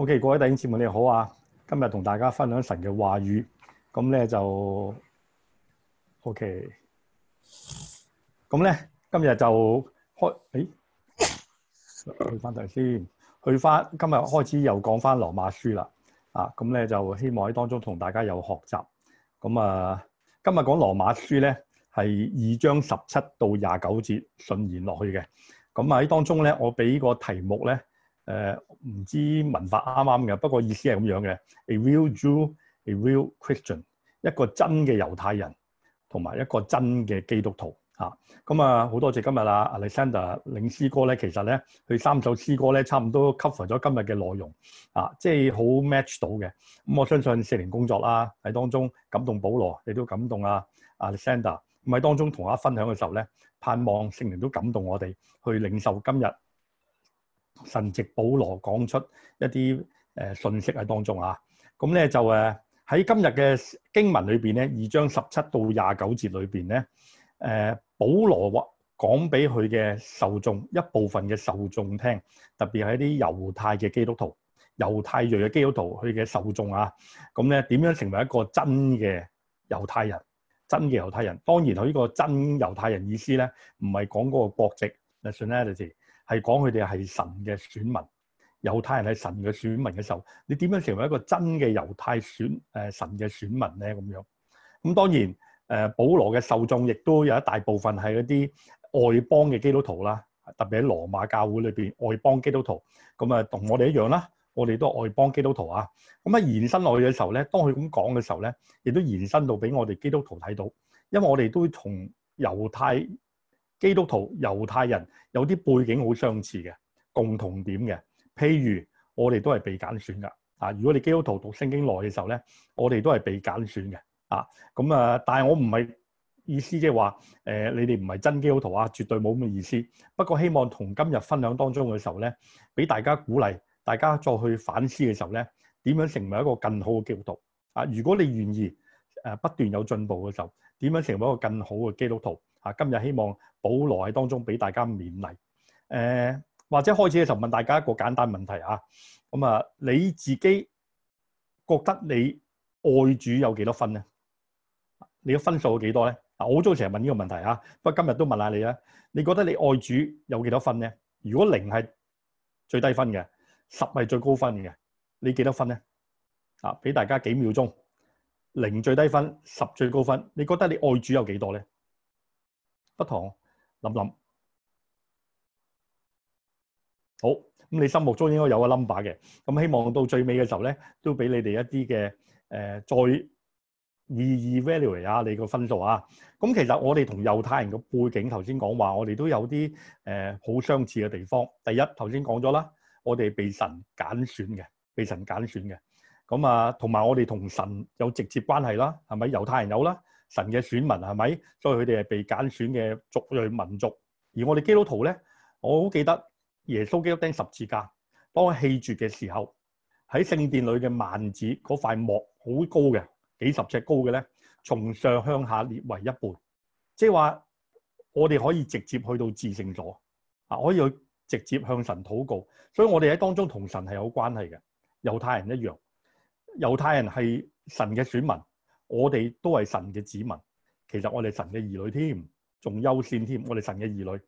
O.K.，各位弟兄姊妹，你好啊！今日同大家分享神嘅話語，咁、嗯、咧就 O.K.，咁、嗯、咧今日就開，誒、哎，去翻頭先，去翻今日開始又講翻羅馬書啦，啊，咁、嗯、咧就希望喺當中同大家有學習。咁、嗯、啊、嗯，今日講羅馬書咧係二章十七到廿九節順延落去嘅，咁、嗯、喺當中咧我俾個題目咧。誒唔、呃、知文法啱啱嘅，不過意思係咁樣嘅。A real Jew, a real Christian，一個真嘅猶太人同埋一個真嘅基督徒嚇。咁啊，好、啊啊、多謝今日阿、啊、Alexander 領詩歌咧，其實咧佢三首詩歌咧，差唔多 cover 咗今日嘅內容啊，即係好 match 到嘅。咁、啊、我相信聖靈工作啦、啊，喺當中感動保羅，亦都感動啊，Alexander。咁喺當中同我分享嘅時候咧，盼望聖靈都感動我哋去領受今日神藉保羅講出一啲誒信息喺當中啊，咁咧就誒喺今日嘅經文裏邊咧，二章十七到廿九節裏邊咧，誒保羅話講俾佢嘅受眾，一部分嘅受眾聽，特別係一啲猶太嘅基督徒、猶太裔嘅基督徒，佢嘅受眾啊，咁咧點樣成為一個真嘅猶太人？真嘅猶太人當然佢呢個真猶太人意思咧，唔係講嗰個國籍。係講佢哋係神嘅選民，猶太人係神嘅選民嘅時候，你點樣成為一個真嘅猶太選誒神嘅選民咧？咁樣咁當然誒，保羅嘅受眾亦都有一大部分係嗰啲外邦嘅基督徒啦，特別喺羅馬教會裏邊外邦基督徒，咁啊同我哋一樣啦，我哋都係外邦基督徒啊，咁啊延伸落去嘅時候咧，當佢咁講嘅時候咧，亦都延伸到俾我哋基督徒睇到，因為我哋都同猶太基督徒、猶太人有啲背景好相似嘅共同點嘅，譬如我哋都係被揀選噶。啊，如果你基督徒讀聖經耐嘅時候咧，我哋都係被揀選嘅。啊，咁啊，但係我唔係意思，即係話誒你哋唔係真基督徒啊，絕對冇咁嘅意思。不過希望同今日分享當中嘅時候咧，俾大家鼓勵，大家再去反思嘅時候咧，點樣成為一個更好嘅基督徒？啊，如果你願意誒不斷有進步嘅時候，點樣成為一個更好嘅基督徒？啊！今日希望保羅喺當中俾大家勉勵。誒、呃，或者開始嘅時候問大家一個簡單問題啊。咁啊，你自己覺得你愛主有幾多分咧？你嘅分數有幾多咧？啊，我好中意成日問呢個問題啊。不過今日都問下你啊，你覺得你愛主有幾多分咧？如果零係最低分嘅，十係最高分嘅，你幾多分咧？啊，俾大家幾秒鐘，零最低分，十最高分。你覺得你愛主有幾多咧？不同，諗諗。好，咁你心目中應該有個 number 嘅。咁希望到最尾嘅時候咧，都俾你哋一啲嘅，誒、呃，再 re-evaluate 下、啊、你個分數啊。咁、嗯、其實我哋同猶太人嘅背景，頭先講話，我哋都有啲，誒、呃，好相似嘅地方。第一，頭先講咗啦，我哋被神揀選嘅，被神揀選嘅。咁、嗯、啊，同埋我哋同神有直接關係啦，係咪？猶太人有啦。神嘅選民係咪？所以佢哋係被揀選嘅族類民族。而我哋基督徒咧，我好記得耶穌基督釘十字架，當我棄絕嘅時候，喺聖殿裏嘅幔子嗰塊幕好高嘅，幾十尺高嘅咧，從上向下裂為一半，即係話我哋可以直接去到至聖所啊！可以去直接向神禱告，所以我哋喺當中同神係有關係嘅。猶太人一樣，猶太人係神嘅選民。我哋都係神嘅子民，其實我哋神嘅兒女添，仲優先添。我哋神嘅兒女，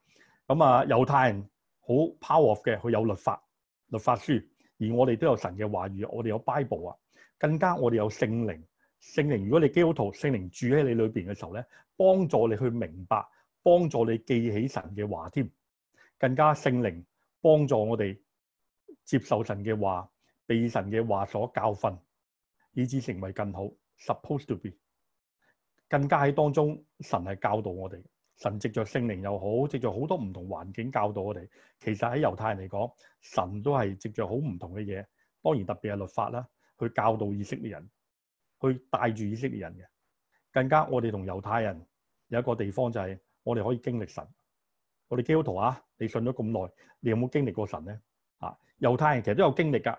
咁啊，猶太人好 power 嘅，佢有律法、律法書，而我哋都有神嘅話語，我哋有《Bible》啊，更加我哋有聖靈。聖靈，如果你基督徒，聖靈住喺你裏面嘅時候咧，幫助你去明白，幫助你記起神嘅話添，更加聖靈幫助我哋接受神嘅話，被神嘅話所教訓，以至成為更好。Supposed to be 更加喺當中，神係教導我哋。神藉着聖靈又好，藉著好多唔同環境教導我哋。其實喺猶太人嚟講，神都係藉著好唔同嘅嘢。當然特別係律法啦，去教導以色列人，去帶住以色列人嘅。更加我哋同猶太人有一個地方就係我哋可以經歷神。我哋基督徒啊，你信咗咁耐，你有冇經歷過神咧？啊，猶太人其實都有經歷㗎，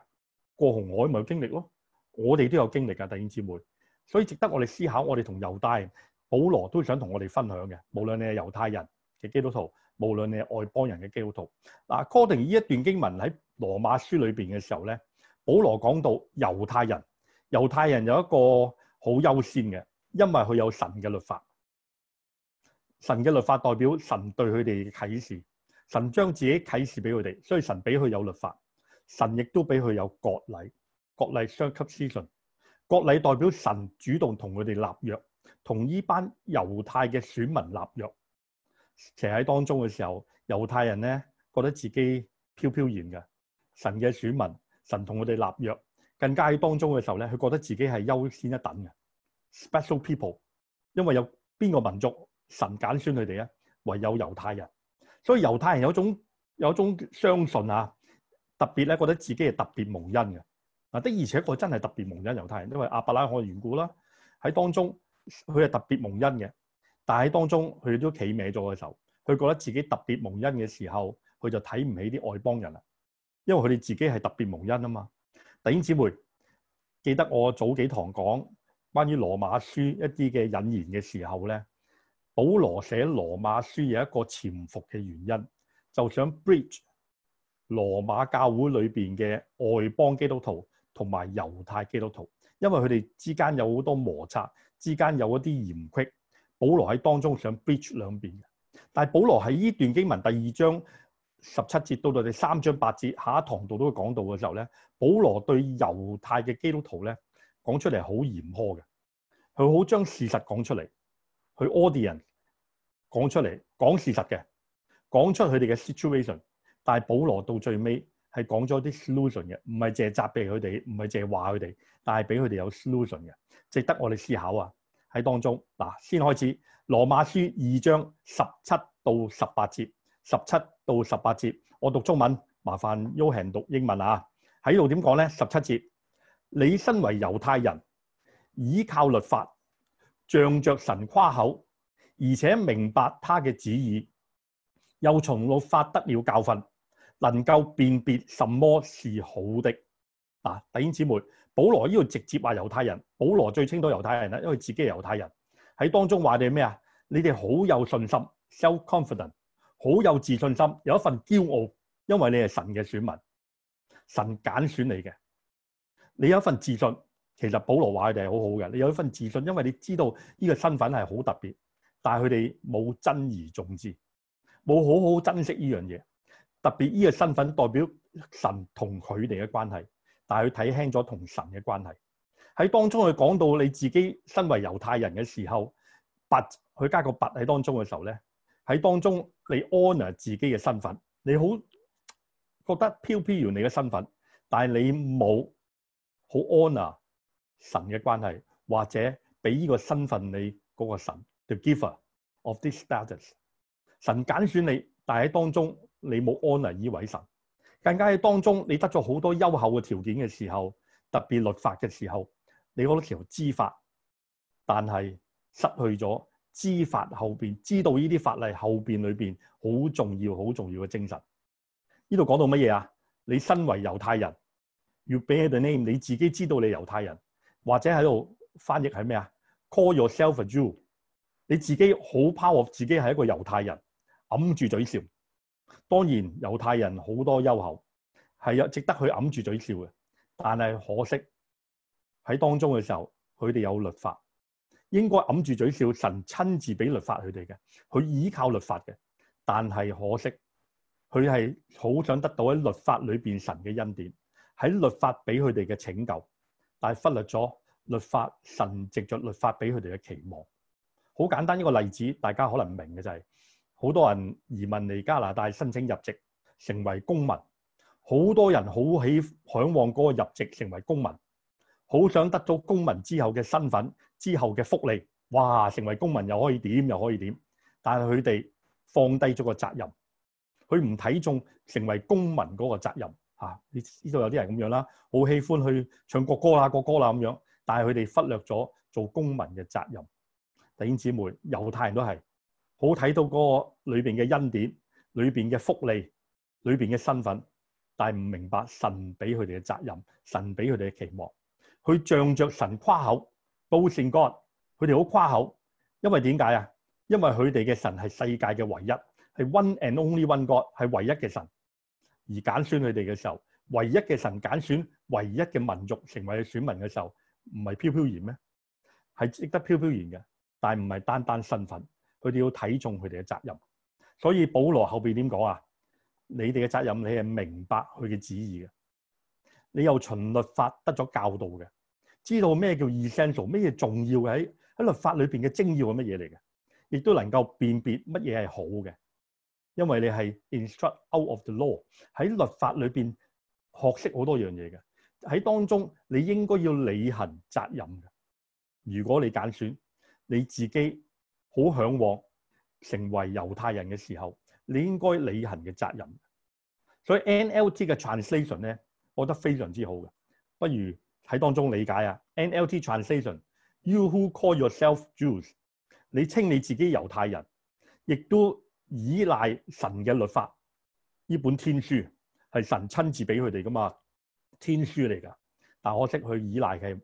過紅海咪有經歷咯。我哋都有經歷㗎，弟兄姊妹。所以值得我哋思考，我哋同猶大、保羅都想同我哋分享嘅，無論你係猶太人嘅基督徒，無論你係外邦人嘅基督徒。嗱，哥廷呢一段經文喺羅馬書裏邊嘅時候咧，保羅講到猶太人，猶太人有一個好優先嘅，因為佢有神嘅律法。神嘅律法代表神對佢哋嘅啟示，神將自己啟示俾佢哋，所以神俾佢有律法，神亦都俾佢有國禮，國禮相級施盡。國禮代表神主動同佢哋立約，同依班猶太嘅選民立約，其實喺當中嘅時候，猶太人咧覺得自己飄飄然嘅，神嘅選民，神同佢哋立約，更加喺當中嘅時候咧，佢覺得自己係優先一等嘅 special people，因為有邊個民族神揀選佢哋啊？唯有猶太人，所以猶太人有種有種相信啊，特別咧覺得自己係特別蒙恩嘅。嗱，的而且確真係特別蒙恩猶太人，因為亞伯拉罕嘅緣故啦。喺當中，佢係特別蒙恩嘅。但係喺當中，佢都企歪咗嘅時候，佢覺得自己特別蒙恩嘅時候，佢就睇唔起啲外邦人啦。因為佢哋自己係特別蒙恩啊嘛。弟兄姊妹，記得我早幾堂講關於羅馬書一啲嘅引言嘅時候咧，保羅寫羅馬書有一個潛伏嘅原因，就想 bridge 羅馬教會裏邊嘅外邦基督徒。同埋猶太基督徒，因為佢哋之間有好多摩擦，之間有一啲嫌隙。保羅喺當中想 bridge 兩邊嘅，但係保羅喺呢段經文第二章十七節到到第三章八節下一堂度都會講到嘅時候咧，保羅對猶太嘅基督徒咧講出嚟好嚴苛嘅，佢好將事實講出嚟，佢 audience 講出嚟講事實嘅，講出佢哋嘅 situation，但係保羅到最尾，係講咗啲 solution 嘅，唔係淨係責備佢哋，唔係淨係話佢哋，但係俾佢哋有 solution 嘅，值得我哋思考啊！喺當中嗱，先開始《羅馬書》二章十七到十八節，十七到十八節，我讀中文，麻煩 Yohan 讀英文啊！喺度點講咧？十七節，你身為猶太人，倚靠律法，仗着神誇口，而且明白他嘅旨意，又從律法得了教訓。能夠辨別什麼是好的，嗱、啊、弟兄姊妹，保羅呢度直接話猶太人，保羅最清楚猶太人啦，因為自己係猶太人。喺當中話你係咩啊？你哋好有信心，self-confident，好有自信心，有一份驕傲，因為你係神嘅選民，神揀選你嘅。你有一份自信，其實保羅話佢哋係好好嘅。你有一份自信，因為你知道呢個身份係好特別，但係佢哋冇珍而重之，冇好好珍惜呢樣嘢。特別依個身份代表神同佢哋嘅關係，但係佢睇輕咗同神嘅關係。喺當中佢講到你自己身為猶太人嘅時候，拔佢加個拔喺當中嘅時候咧，喺當中你 honour 自己嘅身份，你好覺得飄飄然你嘅身份，但係你冇好 honour 神嘅關係，或者俾依個身份你嗰個神 the giver of this status，神揀選你，但係喺當中。你冇 honour 以為神，更加喺當中你得咗好多優厚嘅條件嘅時候，特別律法嘅時候，你嗰條知法，但係失去咗知法後邊知道呢啲法例後邊裏邊好重要好重要嘅精神。呢度講到乜嘢啊？你身為猶太人，you bear the name，你自己知道你猶太人，或者喺度翻譯係咩啊？call yourself a Jew，你自己好 proud of 自己係一個猶太人，揞住嘴笑。當然，猶太人好多優厚，係有值得去揞住嘴笑嘅。但係可惜喺當中嘅時候，佢哋有律法，應該揞住嘴笑。神親自俾律法佢哋嘅，佢依靠律法嘅。但係可惜，佢係好想得到喺律法裏邊神嘅恩典，喺律法俾佢哋嘅拯救，但係忽略咗律法神藉著律法俾佢哋嘅期望。好簡單一個例子，大家可能唔明嘅就係、是。好多人移民嚟加拿大申請入籍成為公民，好多人好喜向往嗰個入籍成為公民，好想得咗公民之後嘅身份、之後嘅福利，哇！成為公民又可以點，又可以點。但係佢哋放低咗個責任，佢唔睇重成為公民嗰個責任嚇、啊。你知道有啲人咁樣啦，好喜歡去唱國歌啦、國歌啦咁樣，但係佢哋忽略咗做公民嘅責任。弟兄姊妹，猶太人都係。好睇到嗰個裏邊嘅恩典、裏邊嘅福利、裏邊嘅身份，但係唔明白神俾佢哋嘅責任，神俾佢哋嘅期望，佢仗着神誇口、boast in God，佢哋好誇口，因為點解啊？因為佢哋嘅神係世界嘅唯一，係 One and Only One God，係唯一嘅神。而揀選佢哋嘅時候，唯一嘅神揀選唯一嘅民族成為選民嘅時候，唔係飄飄然咩？係值得飄飄然嘅，但係唔係單單身份。佢哋要睇重佢哋嘅責任，所以保羅後邊點講啊？你哋嘅責任你，你係明白佢嘅旨意嘅，你又循律法得咗教導嘅，知道咩叫 essential，咩重要嘅喺喺律法裏邊嘅精要係乜嘢嚟嘅，亦都能夠辨別乜嘢係好嘅，因為你係 instruct out of the law 喺律法裏邊學識好多樣嘢嘅，喺當中你應該要履行責任嘅。如果你揀選你自己。好向往成為猶太人嘅時候，你應該履行嘅責任。所以 NLT 嘅 translation 咧，我覺得非常之好嘅。不如喺當中理解啊。NLT translation，you who call yourself Jews，你稱你自己猶太人，亦都依賴神嘅律法呢本天書，係神親自俾佢哋噶嘛？天書嚟噶，但可惜佢依賴嘅係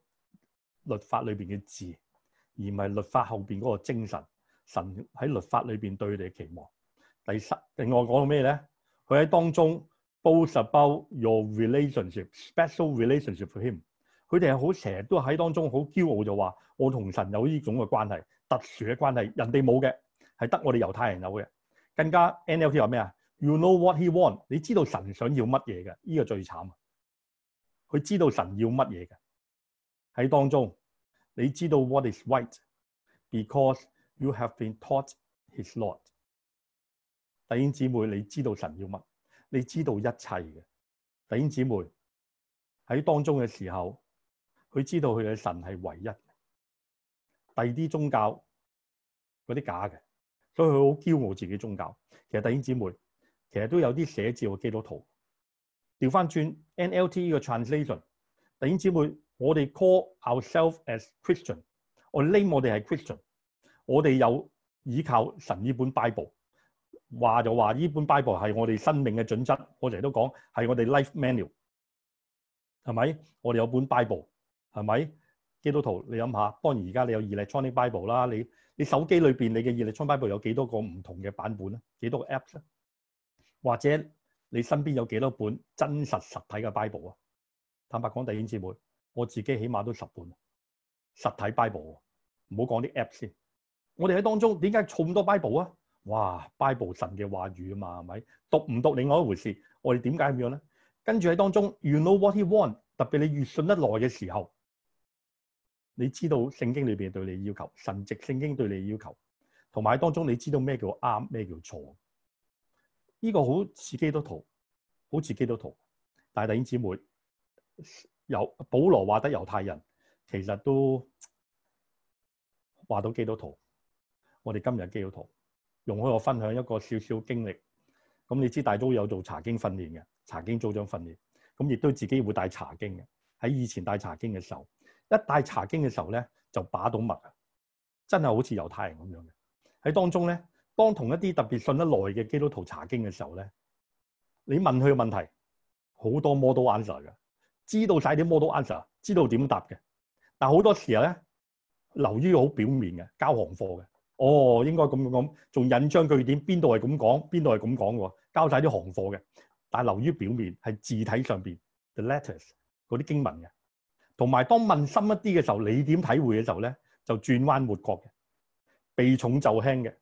律法裏邊嘅字，而唔係律法後邊嗰個精神。神喺律法裏邊對佢哋嘅期望。第三，另外講到咩咧？佢喺當中，both about your relationship, special relationship for him 佢哋係好成日都喺當中好驕傲就，就話我同神有呢種嘅關係，特殊嘅關係，人哋冇嘅，係得我哋猶太人有嘅。更加 NLP 話咩啊？You know what he want？你知道神想要乜嘢嘅？呢個最慘。佢知道神要乜嘢嘅？喺當中，你知道 what is right？Because You have been taught His Lord。弟兄姊妹，你知道神要乜？你知道一切嘅弟兄姊妹喺當中嘅時候，佢知道佢嘅神係唯一。第二啲宗教嗰啲假嘅，所以佢好驕傲自己宗教。其實弟兄姊妹，其實都有啲寫字嘅基督徒。調翻轉 NLT 呢個 translation，弟兄姊妹，我哋 call ourself as Christian，我 name 我哋係 Christian。我哋有依靠神呢本 Bible，話就話呢本 Bible 係我哋生命嘅準則。我哋都講係我哋 life manual，係咪？我哋有本 Bible，係咪？基督徒，你諗下，當然而家你有 electronic Bible 啦。你手機裏你手機裏邊你嘅 electronic Bible 有幾多個唔同嘅版本咧？幾多個 Apps 咧？或者你身邊有幾多本真實實體嘅 Bible 啊？坦白講，弟兄姊妹，我自己起碼都十本實體 Bible，唔好講啲 Apps 先。我哋喺當中點解揸咁多 Bible 啊？哇，Bible 神嘅話語啊嘛，係咪？讀唔讀另外一回事。我哋點解咁樣咧？跟住喺當中，You know what he want。特別你越信得耐嘅時候，你知道聖經裏邊對你要求，神藉聖經對你要求，同埋喺當中你知道咩叫啱，咩叫錯。呢個好似基督徒，好似基督徒。大弟兄姊妹，猶保羅話得猶太人，其實都話到基督徒。我哋今日基督徒，容許我分享一個少少經歷。咁你知大都有做查經訓練嘅，查經組長訓練，咁亦都自己會帶查經嘅。喺以前帶查經嘅時候，一帶查經嘅時候咧，就把到脈啊，真係好似猶太人咁樣嘅。喺當中咧，當同一啲特別信得耐嘅基督徒查經嘅時候咧，你問佢嘅問題，好多 model answer 嘅，知道晒啲 model answer，知道點答嘅。但好多時候咧，流於好表面嘅，交行貨嘅。哦，應該咁樣講，仲引章據典，邊度係咁講，邊度係咁講喎？交晒啲行貨嘅，但係流於表面，係字體上邊 the letters 嗰啲經文嘅，同埋當問深一啲嘅時候，你點體會嘅時候咧，就轉彎抹角嘅，避重就輕嘅，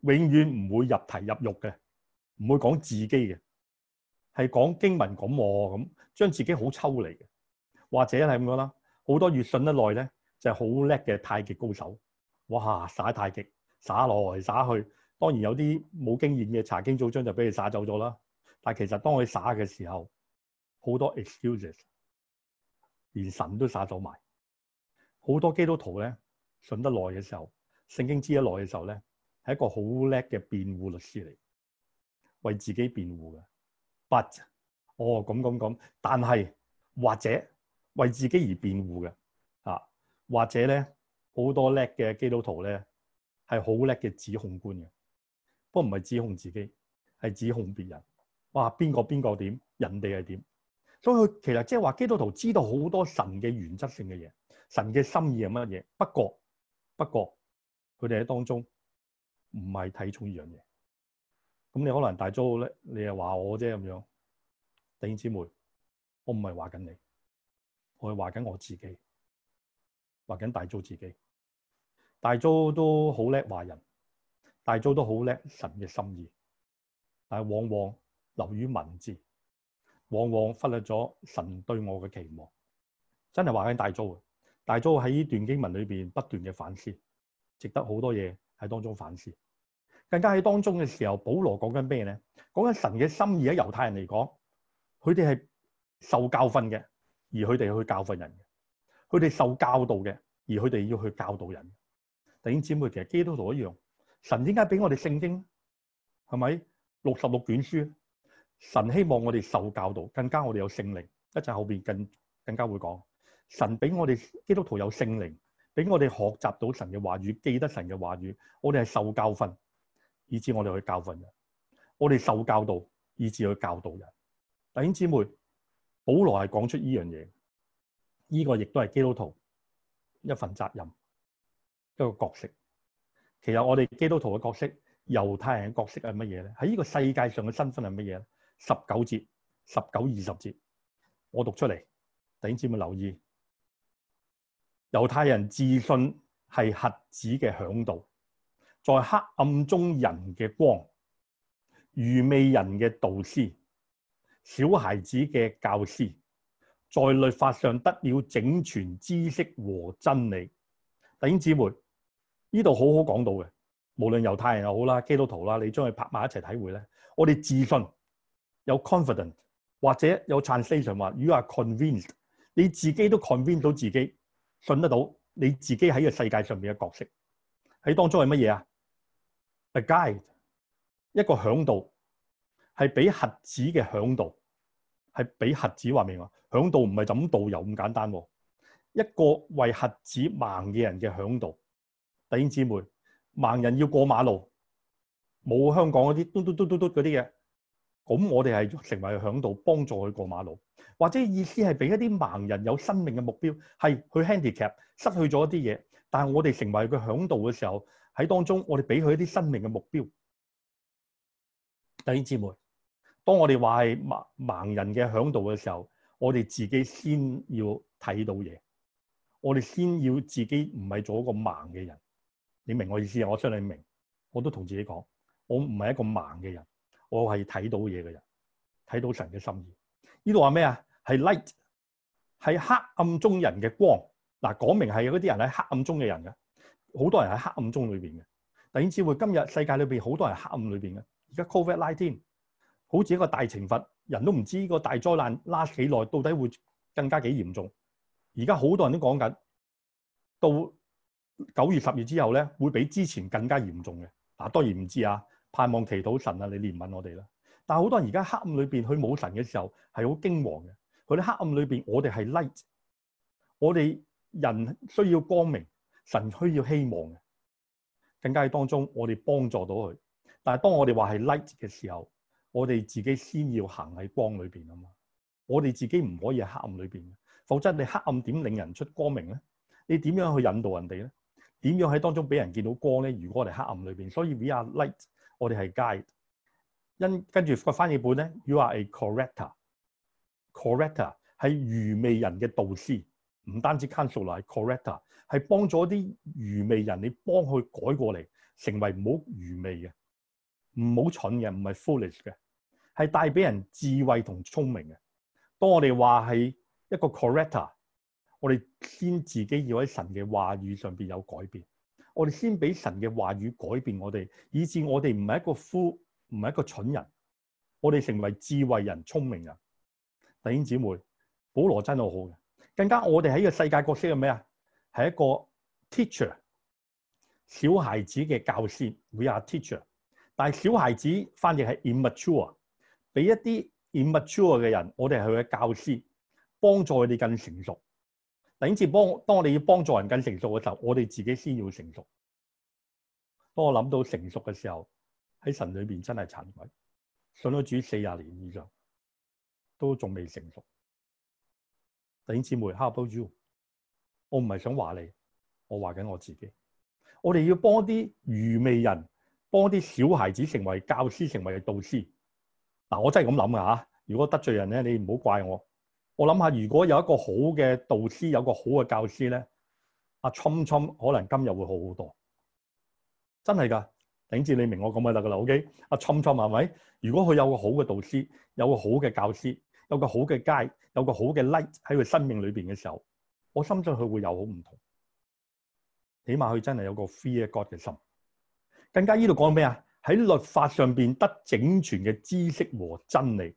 永遠唔會入題入肉嘅，唔會講自己嘅，係講經文講喎咁，將、哦、自己好抽離嘅，或者係咁講啦，好多越信得耐咧，就係好叻嘅太極高手。哇！耍太極，耍來耍去，當然有啲冇經驗嘅查經組將就俾佢耍走咗啦。但係其實當佢耍嘅時候，好多 excuses，連神都耍走埋。好多基督徒咧，信得耐嘅時候，聖經知得耐嘅時候咧，係一個好叻嘅辯護律師嚟，為自己辯護嘅。But 哦，咁咁咁，但係或者為自己而辯護嘅啊，或者咧。好多叻嘅基督徒咧，係好叻嘅指控官嘅，不過唔係指控自己，係指控別人。哇，邊個邊個點，人哋係點，所以佢其實即係話基督徒知道好多神嘅原則性嘅嘢，神嘅心意係乜嘢。不過不過，佢哋喺當中唔係睇重呢樣嘢。咁你可能大租咧，你又話我啫咁樣。弟兄姊妹，我唔係話緊你，我係話緊我自己，話緊大租自己。大租都好叻華人，大租都好叻神嘅心意，但係往往流於文字，往往忽略咗神對我嘅期望。真係話緊大租啊！大租喺呢段經文裏邊不斷嘅反思，值得好多嘢喺當中反思。更加喺當中嘅時候，保羅講緊咩咧？講緊神嘅心意。喺猶太人嚟講，佢哋係受教訓嘅，而佢哋去教訓人；佢哋受教導嘅，而佢哋要去教導人。弟兄姊妹，其實基督徒一樣，神應該俾我哋聖經，係咪六十六卷書？神希望我哋受教導，更加我哋有聖靈。一陣後邊更更加會講，神俾我哋基督徒有聖靈，俾我哋學習到神嘅話語，記得神嘅話語，我哋係受教訓，以至我哋去教訓人。我哋受教導，以至去教導人。弟兄姊妹，保羅係講出依樣嘢，呢個亦都係基督徒一份責任。一個角色，其實我哋基督徒嘅角色，猶太人嘅角色係乜嘢咧？喺、這、呢個世界上嘅身份係乜嘢？十九節、十九、二十節，我讀出嚟，弟兄姊妹留意，猶太人自信係瞎子嘅嚮導，在黑暗中人嘅光，愚昧人嘅導師，小孩子嘅教師，在律法上得了整全知識和真理，弟兄姊妹呢度好好講到嘅，無論猶太人又好啦，基督徒啦，你將佢拍埋一齊體會咧。我哋自信有 confidence，或者有 translation 話，如果係 convinced，你自己都 convince 到自己，信得到你自己喺個世界上面嘅角色喺當中係乜嘢啊？A guide，一個嚮導，係俾瞎子嘅嚮導，係俾瞎子話明話嚮導唔係就咁導遊咁簡單，一個為瞎子盲嘅人嘅嚮導。弟兄姊妹，盲人要過馬路，冇香港嗰啲嘟嘟嘟嘟嘟嗰啲嘢，咁我哋係成為響度幫助佢過馬路，或者意思係俾一啲盲人有生命嘅目標，係佢 handicap 失去咗一啲嘢，但係我哋成為佢響度嘅時候喺當中，我哋俾佢一啲生命嘅目標。弟兄姊妹，當我哋話係盲盲人嘅響度嘅時候，我哋自己先要睇到嘢，我哋先要自己唔係做一個盲嘅人。你明我意思啊！我相信你明，我都同自己講，我唔係一個盲嘅人，我係睇到嘢嘅人，睇到神嘅心意。呢度話咩啊？係 light，係黑暗中人嘅光。嗱，講明係嗰啲人喺黑暗中嘅人嘅，好多人喺黑暗中裏邊嘅。等係主會今日世界裏邊好多人黑暗裏邊嘅。而家 covid 拉天，19，好似一個大懲罰，人都唔知呢個大災難拉幾耐，到底會更加幾嚴重。而家好多人都講緊，到。九月十月之後咧，會比之前更加嚴重嘅嗱、啊。當然唔知啊，盼望祈禱神啊，你憐憫我哋啦。但係好多人而家黑暗裏邊佢冇神嘅時候係好驚惶嘅。佢啲黑暗裏邊，我哋係 light，我哋人需要光明，神需要希望嘅。更加喺當中，我哋幫助到佢。但係當我哋話係 light 嘅時候，我哋自己先要行喺光裏邊啊嘛。我哋自己唔可以喺黑暗裏邊，否則你黑暗點令人出光明咧？你點樣去引導人哋咧？點樣喺當中俾人見到光咧？如果我哋黑暗裏邊，所以 we are light，我哋係 guide。因跟住個翻譯本咧，you are a corrector。corrector 係愚昧人嘅導師，唔單止 counselor，係 corrector，係幫咗啲愚昧人，你幫佢改過嚟，成為唔好愚昧嘅，唔好蠢嘅，唔係 foolish 嘅，係帶俾人智慧同聰明嘅。當我哋話係一個 corrector。我哋先自己要喺神嘅話語上邊有改變，我哋先俾神嘅話語改變我哋，以致我哋唔係一個夫唔係一個蠢人，我哋成為智慧人、聰明人。弟兄姊妹，保羅真係好好嘅，更加我哋喺個世界角色係咩啊？係一個 teacher，小孩子嘅教師 We are teacher，但係小孩子翻譯係 immature，俾一啲 immature 嘅人，我哋係佢嘅教師，幫助佢哋更成熟。等一次幫，當我哋要幫助人更成熟嘅時候，我哋自己先要成熟。當我諗到成熟嘅時候，喺神裏邊真係慚愧，上咗主四十年以上，都仲未成熟。弟兄姊妹，How about you？我唔係想話你，我話緊我自己。我哋要幫啲愚昧人，幫啲小孩子成為教師，成為嘅導師。嗱，我真係咁諗噶吓。如果得罪人咧，你唔好怪我。我諗下，如果有一個好嘅導師，有個好嘅教師咧，阿聰聰可能今日會好好多，真係噶，頂住你明我講咪得噶啦，OK？阿聰聰係咪？如果佢有個好嘅導師，有個好嘅教師，有個好嘅街，有個好嘅 light 喺佢生命裏邊嘅時候，我深信佢會有好唔同。起碼佢真係有個 Fear God 嘅心，更加呢度講咩啊？喺律法上邊得整全嘅知識和真理。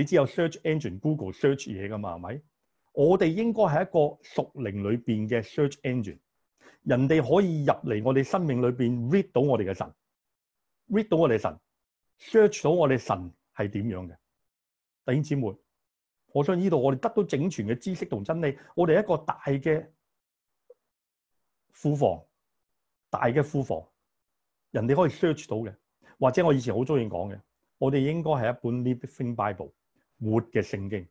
你知有 search engine Google search 嘢噶嘛？係咪？我哋應該係一個屬靈裏邊嘅 search engine，人哋可以入嚟我哋生命裏邊 read 到我哋嘅神，read 到我哋嘅神，search 到我哋嘅神，係點樣嘅？弟兄姊妹，我想呢度我哋得到整全嘅知識同真理，我哋一個大嘅庫房，大嘅庫房，人哋可以 search 到嘅，或者我以前好中意講嘅，我哋應該係一本 living Bible。活嘅聖經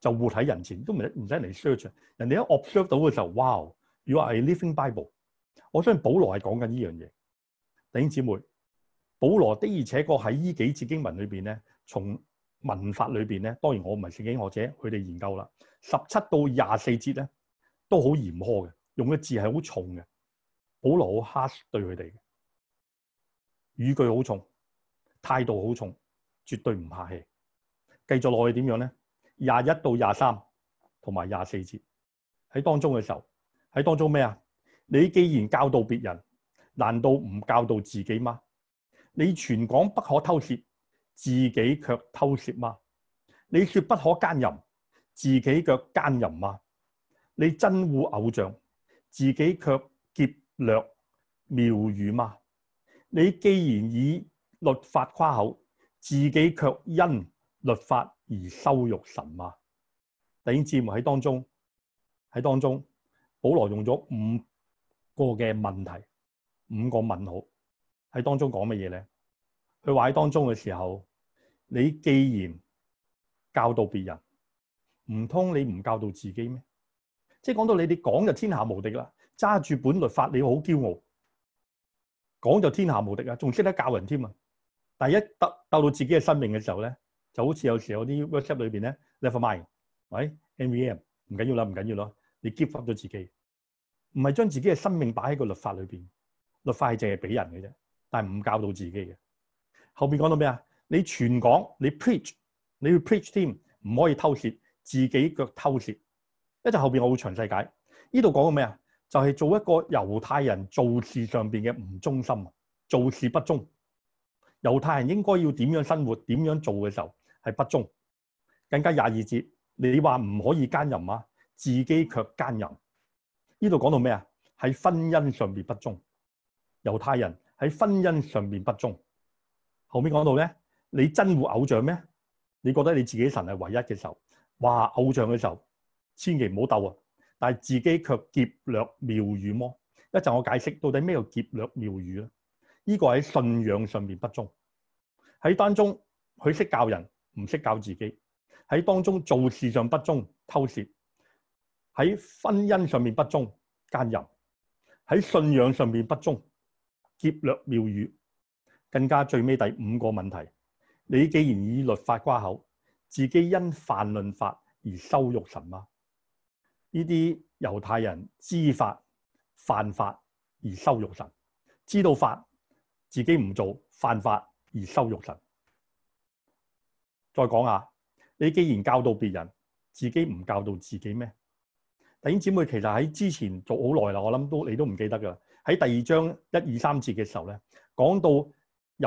就活喺人前，都唔使唔使嚟 search，人哋一 observe 到嘅時候，哇！如果係 Living Bible，我相信保羅係講緊呢樣嘢。弟兄姊妹，保羅的而且確喺呢幾節經文裏邊咧，從文法裏邊咧，當然我唔係聖經學者，佢哋研究啦。十七到廿四節咧都好嚴苛嘅，用嘅字係好重嘅，保羅好 hard 對佢哋嘅語句好重，態度好重，絕對唔客氣。繼續落去點樣咧？廿一到廿三同埋廿四節喺當中嘅時候，喺當中咩啊？你既然教導別人，難道唔教導自己嗎？你全講不可偷竊，自己卻偷竊嗎？你說不可奸淫，自己卻奸淫嗎？你憎惡偶像，自己卻劫掠廟宇嗎？你既然以律法誇口，自己卻因……律法而羞辱神啊！第二節喺當中，喺當中，保羅用咗五個嘅問題，五個問號喺當中講乜嘢咧？佢話喺當中嘅時候，你既然教導別人，唔通你唔教導自己咩？即係講到你哋講就天下無敵啦，揸住本律法你好驕傲，講就天下無敵啊，仲識得教人添啊！但一鬥到自己嘅生命嘅時候咧～就好似有時候啲 WhatsApp 裏邊咧，never mind，喂 NVM 唔緊要啦，唔緊要咯，你 keep up 咗自己，唔係將自己嘅生命擺喺個律法裏邊，律法係淨係俾人嘅啫，但係唔教到自己嘅。後邊講到咩啊？你傳講，你 preach，你要 preach 添，唔可以偷竊，自己腳偷竊。一陣後邊我會詳細解。呢度講到咩啊？就係、是、做一個猶太人做事上邊嘅唔忠心，做事不忠。猶太人應該要點樣生活，點樣做嘅時候？係不忠，更加廿二節，你話唔可以奸淫啊，自己卻奸淫。呢度講到咩啊？喺婚姻上邊不忠，猶太人喺婚姻上邊不忠。後面講到咧，你憎惡偶像咩？你覺得你自己神係唯一嘅時候，話偶像嘅時候，千祈唔好鬥啊！但係自己卻劫掠廟宇嘛。一陣我解釋到底咩叫劫掠廟宇咧？呢個喺信仰上邊不忠，喺當中佢識教人。唔識教自己，喺當中做事上不忠偷竊，喺婚姻上面不忠奸淫，喺信仰上面不忠，劫掠廟宇。更加最尾第五個問題，你既然以律法掛口，自己因犯律法而羞辱神嗎？呢啲猶太人知法犯法而羞辱神，知道法自己唔做犯法而羞辱神。再講下，你既然教導別人，自己唔教導自己咩？弟兄姊妹，其實喺之前做好耐啦，我諗都你都唔記得噶喇。喺第二章一二三節嘅時候咧，講到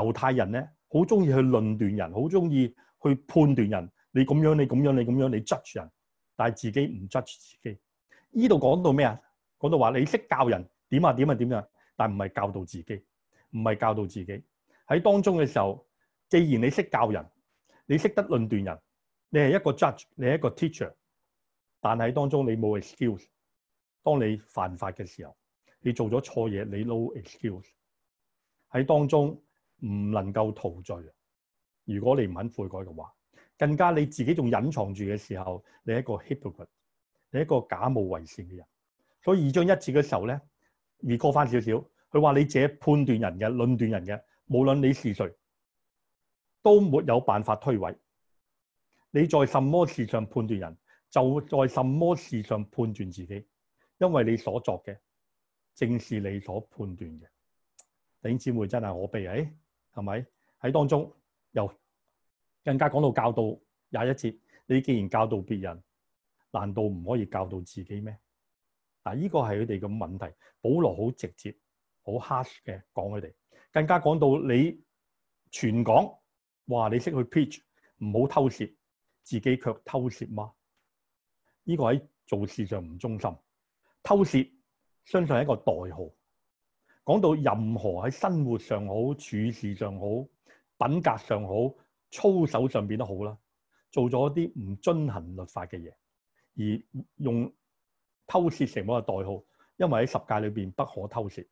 猶太人咧，好中意去論斷人，好中意去判斷人。你咁樣，你咁樣，你咁樣，你 judge 人，但係自己唔 judge 自己。呢度講到咩啊？講到話你識教人點啊點啊點啊，但唔係教導自己，唔係教導自己喺當中嘅時候，既然你識教人。你識得論斷人，你係一個 judge，你係一個 teacher，但係當中你冇 excuse。當你犯法嘅時候，你做咗錯嘢，你 no excuse。喺當中唔能夠逃罪。如果你唔肯悔改嘅話，更加你自己仲隱藏住嘅時候，你一個 hypocrite，你一個假模偽善嘅人。所以二章一節嘅時候咧 r e c 翻少少，佢話你自己判斷人嘅、論斷人嘅，無論你是誰。都沒有辦法推諉。你在什麼事上判斷人，就在什麼事上判斷自己，因為你所作嘅正是你所判斷嘅。弟兄姊妹真係可悲，係咪？喺當中又更加講到教導廿一節，你既然教導別人，難道唔可以教導自己咩？嗱，呢個係佢哋嘅問題。保羅好直接、好 hard 嘅講佢哋，更加講到你全講。哇！你識去 preach，唔好偷竊，自己卻偷竊嗎？呢個喺，做事上唔忠心，偷竊相信係一個代號。講到任何喺生活上好、處事上好、品格上好、操守上變得好啦，做咗啲唔遵行律法嘅嘢，而用偷竊成為一個代號，因為喺十戒裏邊不可偷竊，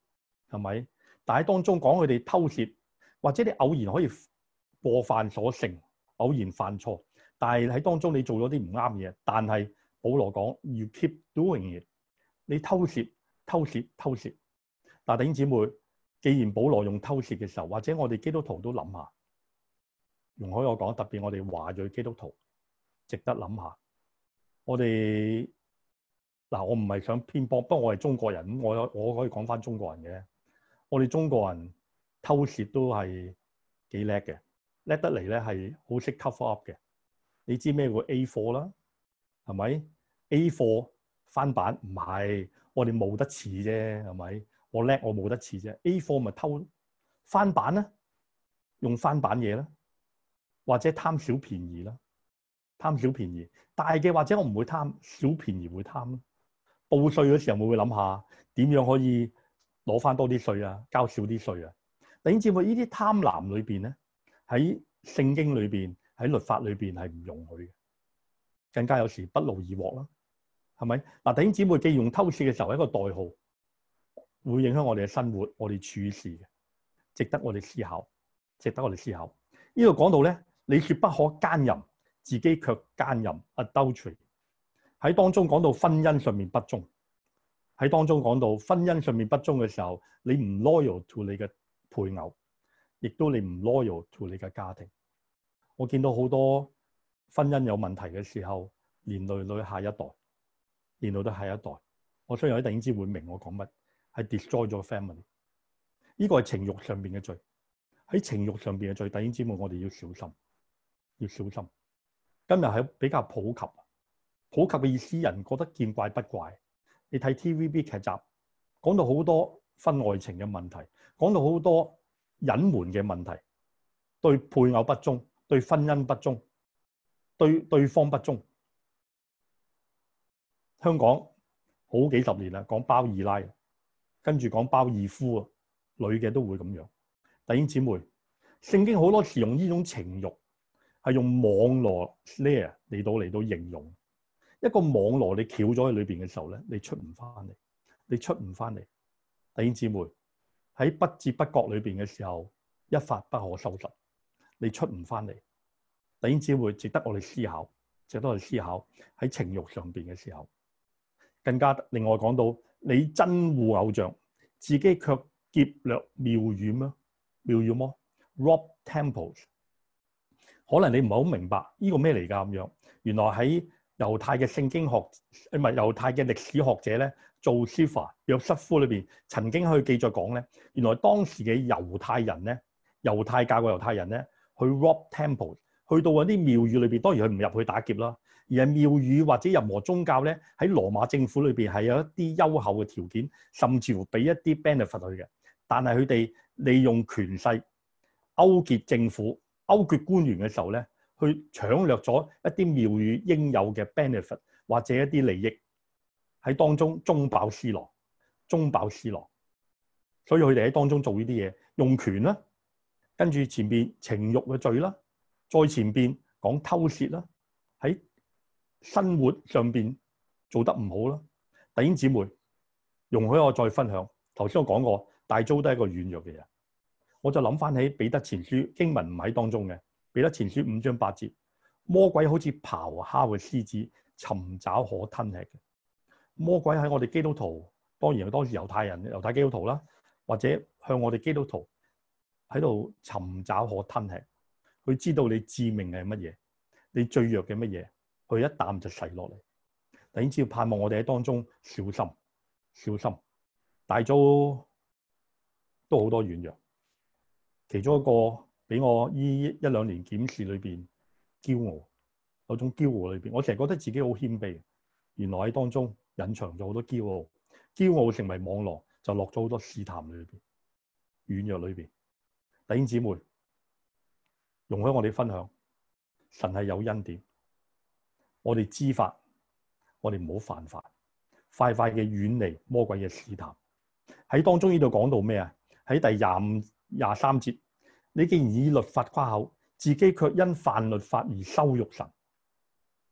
係咪？但係當中講佢哋偷竊，或者你偶然可以。過犯所成，偶然犯錯，但係喺當中你做咗啲唔啱嘅嘢。但係保羅講，you keep doing it。你偷竊、偷竊、偷竊。嗱，弟兄姊妹，既然保羅用偷竊嘅時候，或者我哋基督徒都諗下，容許我講，特別我哋華裔基督徒值得諗下。我哋嗱，我唔係想偏幫，不過我係中國人，我我可以講返中國人嘅。我哋中國人偷竊都係幾叻嘅。叻得嚟咧，係好識 cover up 嘅。你知咩叫 A 貨啦？係咪 A 貨翻版？唔係，我哋冇得似啫。係咪我叻？我冇得似啫。A 貨咪偷翻版啦，用翻版嘢啦，或者貪小便宜啦，貪小便宜。大嘅或者我唔會貪，小便宜會貪啦。報稅嘅時候會唔會諗下點樣可以攞翻多啲稅啊？交少啲稅啊？點知我呢啲貪婪裏邊咧？喺聖經裏邊，喺律法裏邊係唔容許嘅，更加有時不勞而獲啦，係咪？嗱，弟兄姊妹，既用偷竊嘅時候，係一個代號，會影響我哋嘅生活，我哋處事嘅，值得我哋思考，值得我哋思考。呢度講到咧，你説不可奸淫，自己卻奸淫，adultery。喺當中講到婚姻上面不忠，喺當中講到婚姻上面不忠嘅時候，你唔 loyal to 你嘅配偶。亦都你唔 loyal to 你嘅家庭，我見到好多婚姻有問題嘅時候，連累女下一代，連累到下一代。我相信喺頂之會明我講乜，係 destroy 咗 family。呢個係情欲上面嘅罪，喺情欲上面嘅罪，頂知我我哋要小心，要小心。今日係比較普及，普及嘅意思，人覺得見怪不怪。你睇 TVB 劇集，講到好多婚外情嘅問題，講到好多。隱瞞嘅問題，對配偶不忠，對婚姻不忠，對對方不忠。香港好幾十年啦，講包二奶，跟住講包二夫啊，女嘅都會咁樣。弟兄姊妹，聖經好多時用呢種情慾係用網絡 snare 嚟到嚟到形容一個網絡，你翹咗喺裏邊嘅時候咧，你出唔翻嚟，你出唔翻嚟。弟兄姊妹。喺不知不覺裏面嘅時候，一發不可收拾，你出唔返嚟，因此會值得我哋思考，值得我哋思考喺情欲上面嘅時候，更加另外講到你憎惡偶像，自己卻劫掠廟宇咩？廟宇麼？Rob temples，可能你唔係好明白呢個咩嚟㗎咁樣，原來喺猶太嘅聖經學，唔係猶太嘅歷史學者咧，做書法約瑟夫裏邊曾經去記載講咧，原來當時嘅猶太人咧，猶太教嘅猶太人咧，去 rob temple，去到嗰啲廟宇裏邊，當然佢唔入去打劫啦，而係廟宇或者任何宗教咧，喺羅馬政府裏邊係有一啲優厚嘅條件，甚至乎俾一啲 benefit 佢嘅，但係佢哋利用權勢勾結政府、勾結官員嘅時候咧。去搶掠咗一啲廟宇應有嘅 benefit 或者一啲利益喺當中中飽私囊，中飽私囊。所以佢哋喺當中做呢啲嘢，用權啦，跟住前邊情欲嘅罪啦，再前邊講偷竊啦，喺生活上邊做得唔好啦。弟兄姊妹，容許我再分享。頭先我講過，大租都係一個軟弱嘅人，我就諗翻起彼得前書經文唔喺當中嘅。彼得前書五章八節，魔鬼好似咆哮嘅獅子，尋找可吞吃嘅。魔鬼喺我哋基督徒，當然係當時猶太人、猶太基督徒啦，或者向我哋基督徒喺度尋找可吞吃。佢知道你致命係乜嘢，你最弱嘅乜嘢，佢一啖就噬落嚟。因此要盼望我哋喺當中小心，小心。大家都都好多軟弱，其中一個。俾我呢一兩年檢視裏邊驕傲，有種驕傲裏邊，我成日覺得自己好謙卑。原來喺當中隱藏咗好多驕傲，驕傲成為網羅，就落咗好多試探裏邊、軟弱裏邊。弟兄姊妹，容許我哋分享，神係有恩典，我哋知法，我哋唔好犯法，快快嘅遠離魔鬼嘅試探。喺當中呢度講到咩啊？喺第廿五、廿三節。你既然以律法誇口，自己卻因犯律法而羞辱神。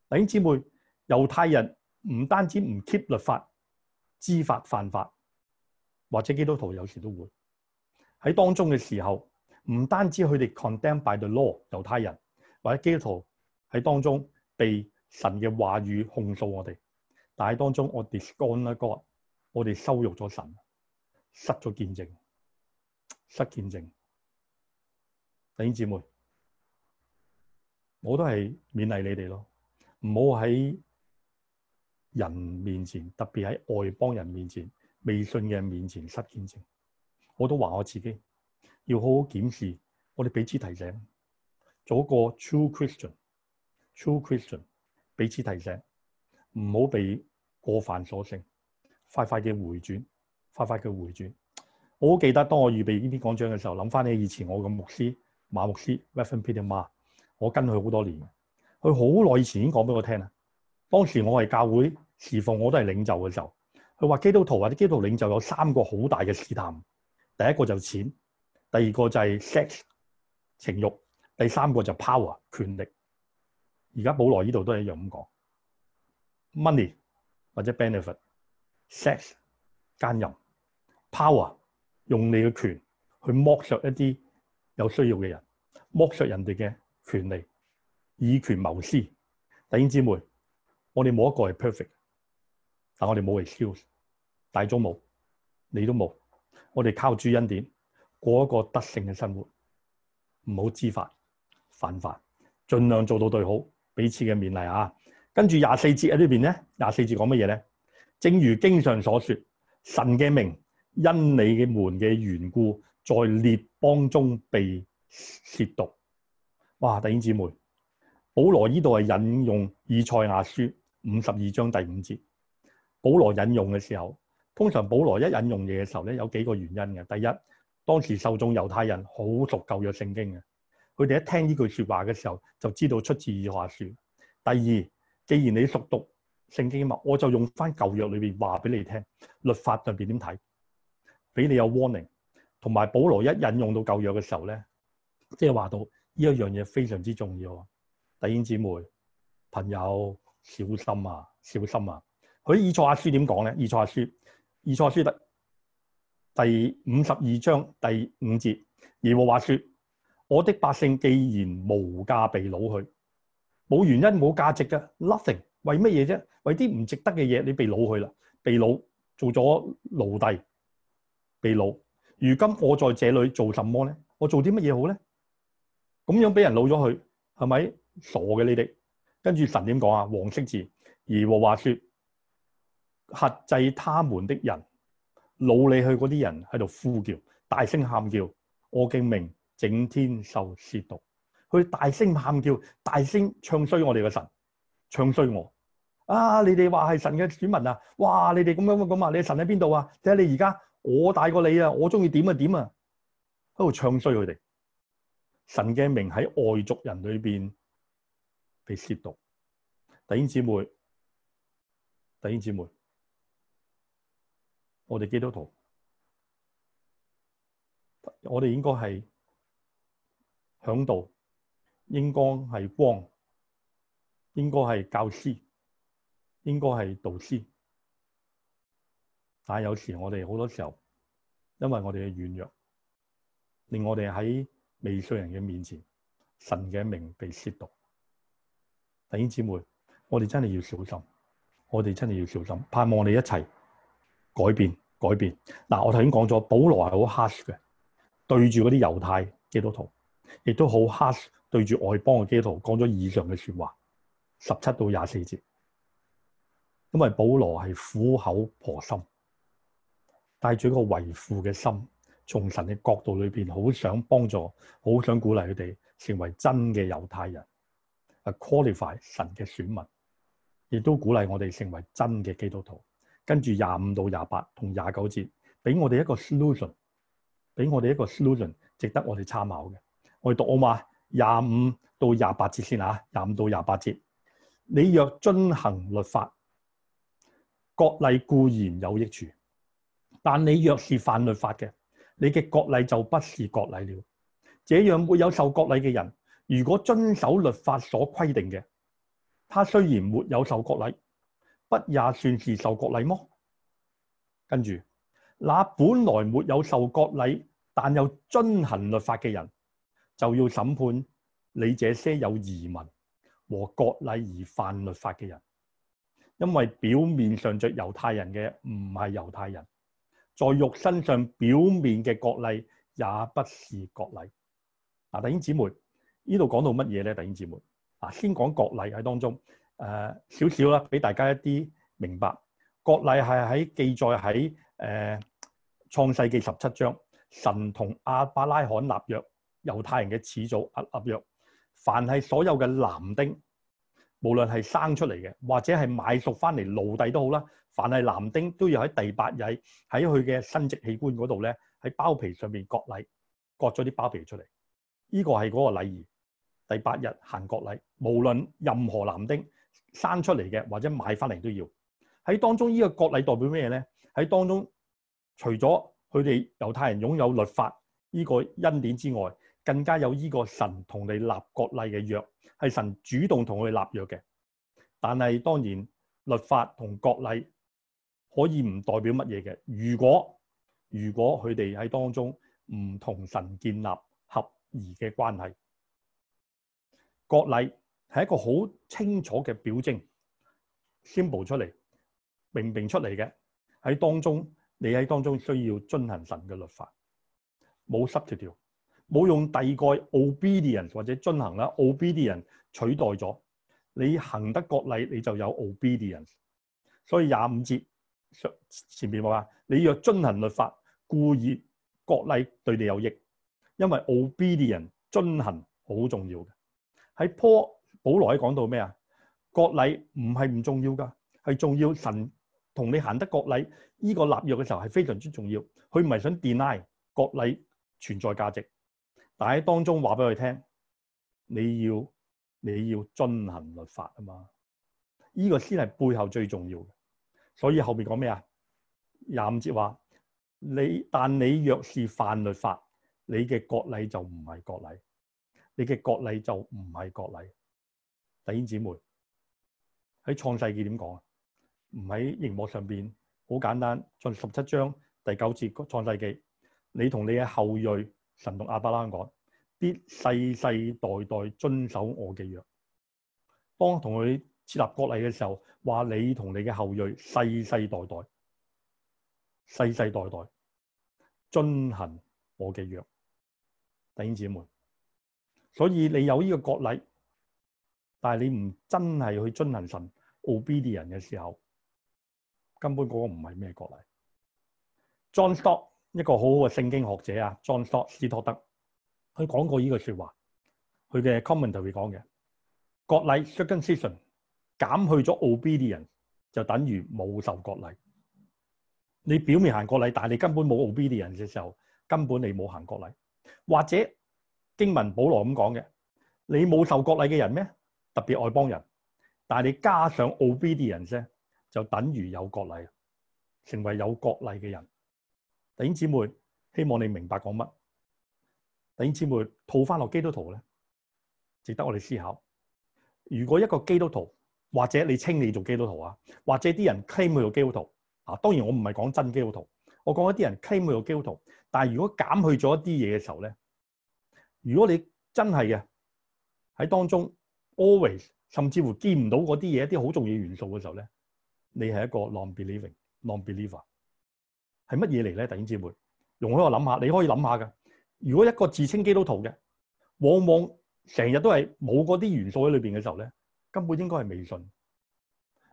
弟兄姊妹，猶太人唔單止唔 keep 律法，知法犯法，或者基督徒有時都會喺當中嘅時候，唔單止佢哋 condemn by the law 猶太人或者基督徒喺當中被神嘅話語控訴我哋，但係當中我 dishonor God，我哋羞辱咗神，失咗見證，失見證。弟兄姊妹，我都係勉勵你哋咯，唔好喺人面前，特別喺外邦人面前，未信嘅人面前失見證。我都話我自己要好好檢視，我哋彼此提醒，做一個 True Christian, True Christian，True Christian，彼此提醒，唔好被過犯所勝，快快嘅回轉，快快嘅回轉。我好記得，當我預備呢篇講章嘅時候，諗翻起以前我嘅牧師。馬牧師 w e s p e t e y 馬丁，我跟佢好多年嘅，佢好耐以前已經講俾我聽啦。當時我係教會侍奉，我都係領袖嘅時候，佢話基督徒或者基督徒領袖有三個好大嘅試探，第一個就是錢，第二個就係 sex 情慾，第三個就是 power 權力。而家保羅呢度都係一樣咁講，money 或者 benefit，sex 奸淫，power 用你嘅權去剝削一啲有需要嘅人，剝削人哋嘅權利，以權謀私。弟兄姊妹，我哋冇一個係 perfect，但我哋冇 excuse。大宗無，你都無。我哋靠主恩典，過一個德性嘅生活，唔好知法犯法，盡量做到對好彼此嘅勉勵啊！跟住廿四節喺呢邊咧，廿四節講乜嘢呢？正如經上所說，神嘅名因你們嘅緣故。在列邦中被褻瀆，哇！弟兄姊妹，保羅呢度係引用以賽亞書五十二章第五節。保羅引用嘅時候，通常保羅一引用嘢嘅時候咧，有幾個原因嘅。第一，當時受眾猶太人好熟舊約聖經嘅，佢哋一聽呢句說話嘅時候，就知道出自以賽亞書。第二，既然你熟讀聖經嘅物，我就用翻舊約裏邊話俾你聽，律法入邊點睇，俾你有 warning。同埋，保羅一引用到舊約嘅時候咧，即係話到呢一樣嘢非常之重要啊。弟兄姊妹、朋友，小心啊，小心啊！佢以賽亞書點講咧？以賽亞書、以賽亞書第第五十二章第五節，耶和華說：我的百姓既然無價被擄去，冇原因、冇價值嘅，nothing。為乜嘢啫？為啲唔值得嘅嘢，你被擄去啦，被擄做咗奴隸，被擄。如今我在這裏做什麼呢？我做啲乜嘢好咧？咁樣俾人擄咗去，係咪傻嘅？你哋跟住神點講啊？黃色字，而和話說，轄制他們的人，擄你去嗰啲人喺度呼叫，大聲喊叫，我敬明，整天受褻瀆，佢大聲喊叫，大聲唱衰我哋嘅神，唱衰我。啊，你哋話係神嘅選民啊？哇，你哋咁樣咁啊，你神喺邊度啊？睇下你而家。我大過你啊！我中意點啊點啊，喺度唱衰佢哋。神嘅名喺外族人裏面被褻瀆。弟兄姊妹，弟兄姊妹，我哋基督徒，我哋應該係嚮導，應該係光，應該係教師，應該係導師。但有時我哋好多時候，因為我哋嘅軟弱，令我哋喺未信人嘅面前，神嘅名被褻瀆。弟兄姊，姊妹，我哋真係要小心，我哋真係要小心。盼望你一齊改變，改變嗱、啊。我頭先講咗，保羅係好 harsh 嘅，對住嗰啲猶太基督徒，亦都好 harsh 對住外邦嘅基督徒，講咗以上嘅說話，十七到廿四節，因為保羅係苦口婆心。帶住一個為父嘅心，從神嘅角度裏邊，好想幫助，好想鼓勵佢哋成為真嘅猶太人，qualify 神嘅選民，亦都鼓勵我哋成為真嘅基督徒。跟住廿五到廿八同廿九節，俾我哋一個 solution，俾我哋一個 solution 值得我哋參考嘅。我哋讀好嘛？廿五到廿八節先嚇、啊，廿五到廿八節，你若遵行律法，割禮固然有益處。但你若是犯律法嘅，你嘅國禮就不是國禮了。這樣沒有受國禮嘅人，如果遵守律法所規定嘅，他雖然沒有受國禮，不也算是受國禮麼？跟住那本來沒有受國禮，但又遵行律法嘅人，就要審判你這些有移民和國禮而犯律法嘅人，因為表面上着猶太人嘅，唔係猶太人。在肉身上表面嘅割禮，也不是割禮。嗱，弟兄姊妹，呢度講到乜嘢呢？弟兄姊妹，嗱，先講割禮喺當中，誒、呃、少少啦，俾大家一啲明白。割禮係喺記載喺誒創世記十七章，神同亞伯拉罕立約，猶太人嘅始祖立立約，凡係所有嘅男丁。無論係生出嚟嘅，或者係買贖翻嚟奴隸都好啦，凡係男丁都要喺第八日喺佢嘅生殖器官嗰度咧，喺包皮上面割禮，割咗啲包皮出嚟。呢個係嗰個禮儀。第八日行割禮，無論任何男丁生出嚟嘅，或者買翻嚟都要喺當中。呢個割禮代表咩咧？喺當中除咗佢哋猶太人擁有律法呢個恩典之外。更加有依個神同你立國例嘅約，係神主動同佢立約嘅。但係當然律法同國例可以唔代表乜嘢嘅。如果如果佢哋喺當中唔同神建立合宜嘅關係，國例係一個好清楚嘅表徵，宣布出嚟、明明出嚟嘅。喺當中你喺當中需要遵行神嘅律法，冇濕脱掉。冇用第二個 obedience 或者遵行啦，obedience 取代咗你行得國禮，你就有 obedience。所以廿五節前前邊話：你若遵行律法，固然國禮對你有益，因為 obedience 遵行好重要嘅。喺 Paul、保羅喺講到咩啊？國禮唔係唔重要㗎，係重要。神同你行得國禮，呢、呢個立約嘅時候係非常之重要。佢唔係想 deny 國禮存在價值。但喺當中話俾佢聽，你要你要遵行律法啊嘛，呢、這個先係背後最重要嘅。所以後面講咩啊？廿五節話你，但你若是犯律法，你嘅國禮就唔係國禮，你嘅國禮就唔係國禮。弟兄姊妹，喺創世紀點講啊？唔喺熒幕上邊好簡單，創十七章第九節創世紀，你同你嘅後裔。神同亞伯拉罕講：必世世代代遵守我嘅約。當同佢設立國禮嘅時候，話你同你嘅後裔世世代代、世世代代遵行我嘅約。弟兄姊妹，所以你有呢個國禮，但係你唔真係去遵行神 obedience 嘅時候，根本嗰個唔係咩國禮。John Doe。一個好好嘅聖經學者啊，John Stott 斯托德，佢講過呢句説話。佢嘅 comment 就會講嘅，國禮 circumcision 減去咗 obedience 就等於冇受國禮。你表面行國禮，但係你根本冇 obedience 嘅時候，根本你冇行國禮。或者經文保羅咁講嘅，你冇受國禮嘅人咩？特別愛幫人，但係你加上 obedience 啫，就等於有國禮，成為有國禮嘅人。弟兄姊,姊妹，希望你明白講乜？弟兄姊,姊妹，套翻落基督徒咧，值得我哋思考。如果一個基督徒，或者你 claim 你做基督徒啊，或者啲人 claim 佢做基督徒啊，當然我唔係講真基督徒，我講一啲人 claim 佢做基督徒。但係如果減去咗一啲嘢嘅時候咧，如果你真係嘅喺當中 always，甚至乎見唔到嗰啲嘢，一啲好重要元素嘅時候咧，你係一個 non-believing、non-believer。係乜嘢嚟咧？弟兄姊妹，容許我諗下。你可以諗下㗎。如果一個自稱基督徒嘅，往往成日都係冇嗰啲元素喺裏邊嘅時候咧，根本應該係未信。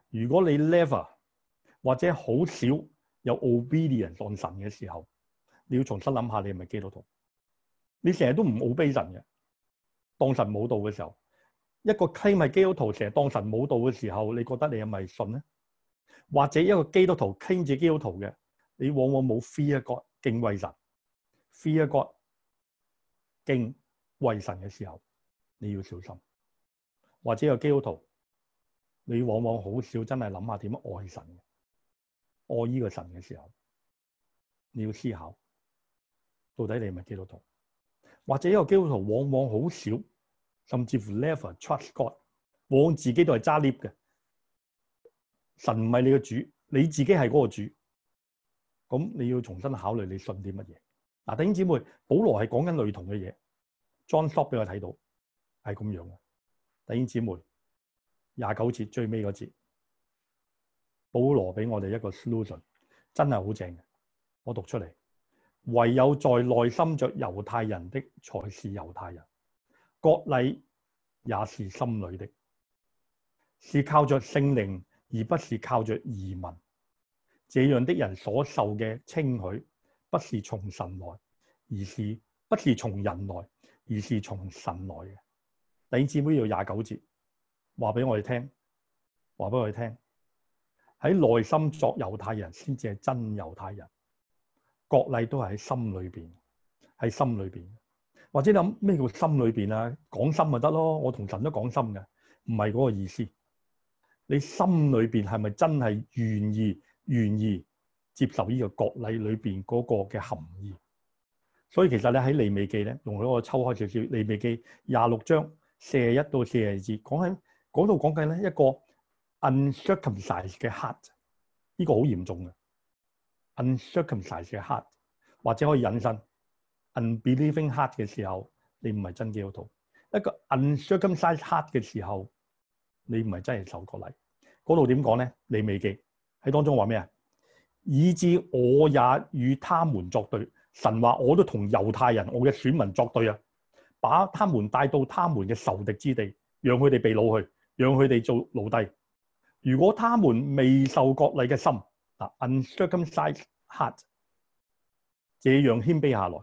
如果你 never 或者好少有 obedience 當神嘅時候，你要重新諗下，你係咪基督徒？你成日都唔 obedient 嘅，當神冇道嘅時候，一個 claim 係基督徒，成日當神冇道嘅時候，你覺得你係咪信咧？或者一個基督徒 claim 自己基督徒嘅，你往往冇 fear God 敬畏神，fear God 敬畏神嘅時候，你要小心。或者有基督徒，你往往好少真係諗下點樣愛神，愛呢個神嘅時候，你要思考到底你係咪基督徒？或者有基督徒往往好少，甚至乎 never trust God，我自己都係揸 lift 嘅，神唔係你嘅主，你自己係嗰個主。咁你要重新考慮你信啲乜嘢嗱？弟兄姊妹，保羅係講緊類同嘅嘢，John shop 俾我睇到係咁樣嘅。弟兄姊妹，廿九節最尾嗰節，保羅俾我哋一個 solution，真係好正。我讀出嚟，唯有在內心着猶太人的才是猶太人，國禮也是心裏的，是靠着聖靈而不是靠着移民。這樣的人所受嘅稱許，不是從神來，而是不是從人來，而是從神來嘅。弟兄姊妹，要廿九節，話俾我哋聽，話俾我哋聽，喺內心作猶太人先至係真猶太人。割禮都係喺心裏邊，喺心裏邊，或者你諗咩叫心裏邊啊？講心咪得咯，我同神都講心嘅，唔係嗰個意思。你心裏邊係咪真係願意？願意接受呢個國禮裏邊嗰個嘅含義，所以其實咧喺利未記咧，用咗我抽開少少利未記廿六章四十一到四十二字，講喺嗰度講緊咧一個 uncircumcised 嘅 heart，呢個好嚴重嘅 uncircumcised 嘅 heart，或者可以引申 unbelieving heart 嘅時候，你唔係真基督徒；一個 uncircumcised heart 嘅時候，你唔係真係受國禮。嗰度點講咧？利未記。喺當中話咩啊？以致我也與他們作對。神話我都同猶太人，我嘅選民作對啊！把他們帶到他們嘅仇敵之地，讓佢哋被擄去，讓佢哋做奴隸。如果他們未受割禮嘅心，嗱，uncircumcised heart, 這樣謙卑下來，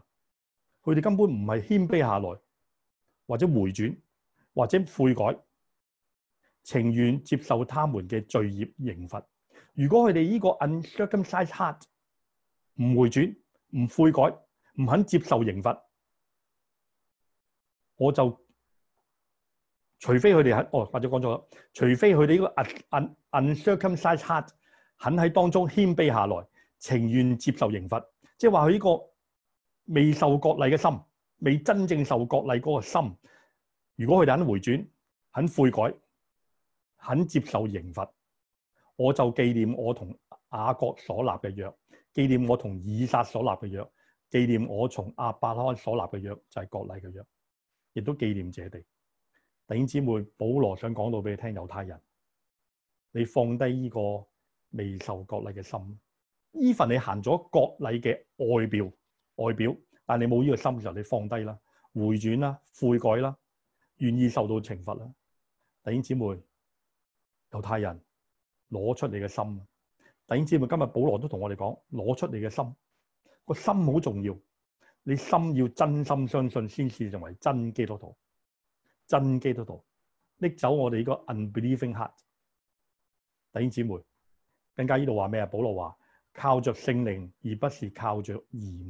佢哋根本唔係謙卑下來，或者回轉，或者悔改，情願接受他們嘅罪孽刑罰。如果佢哋呢個 uncircumcised heart 唔回轉、唔悔改、唔肯接受刑罰，我就除非佢哋喺哦，或者講咗除非佢哋呢個 uncircumcised heart 肯喺當中謙卑下來，情願接受刑罰。即係話佢呢個未受割禮嘅心，未真正受割禮嗰個心，如果佢哋肯回轉、肯悔改、肯接受刑罰。我就紀念我同雅各所立嘅約，紀念我同以撒所立嘅約，紀念我從亞伯拉罕所立嘅約，就係國禮嘅約，亦都紀念這地。弟兄姊妹，保羅想講到俾你聽，猶太人，你放低呢個未受國禮嘅心。依份你行咗國禮嘅外表，外表，但你冇呢個心嘅時候，你放低啦，回轉啦，悔改啦，願意受到懲罰啦。弟兄姊妹，猶太人。攞出你嘅心，弟兄姊妹，今日保羅都同我哋講，攞出你嘅心，個心好重要，你心要真心相信，先至成為真基督徒，真基督徒，拎走我哋呢個 unbelieving heart。弟兄姊妹，更加呢度話咩啊？保羅話，靠着聖靈，而不是靠着移民。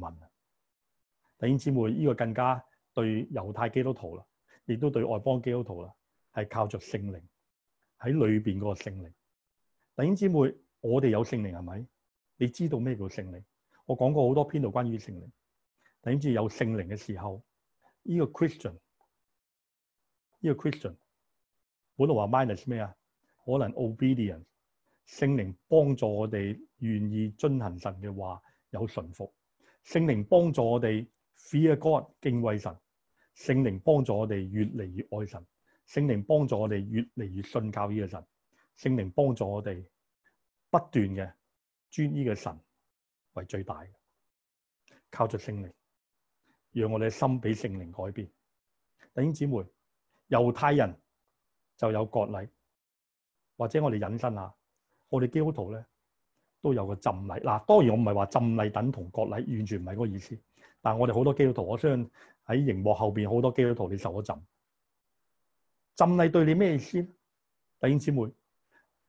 弟兄姊妹，呢個更加對猶太基督徒啦，亦都對外邦基督徒啦，係靠着聖靈喺裏邊個聖靈。弟兄姊妹，我哋有聖靈係咪？你知道咩叫聖靈？我講過好多篇度關於聖靈。弟兄姊妹有聖靈嘅時候，呢、呢個 Christian，呢個 Christian，本來話 minus 咩啊？可能 obedience，聖靈幫助我哋願意遵行神嘅話，有順服；聖靈幫助我哋 fear God，敬畏神；聖靈幫助我哋越嚟越愛神；聖靈幫助我哋越嚟越信靠呢個神。聖靈幫助我哋不斷嘅尊依嘅神為最大，靠着聖靈，讓我哋嘅心俾聖靈改變。弟兄姊妹，猶太人就有割禮，或者我哋引申下，我哋基督徒咧都有個浸禮。嗱，當然我唔係話浸禮等同割禮，完全唔係嗰個意思。但係我哋好多基督徒，我相信喺熒幕後邊好多基督徒你受咗浸，浸禮對你咩意思？弟兄姊妹。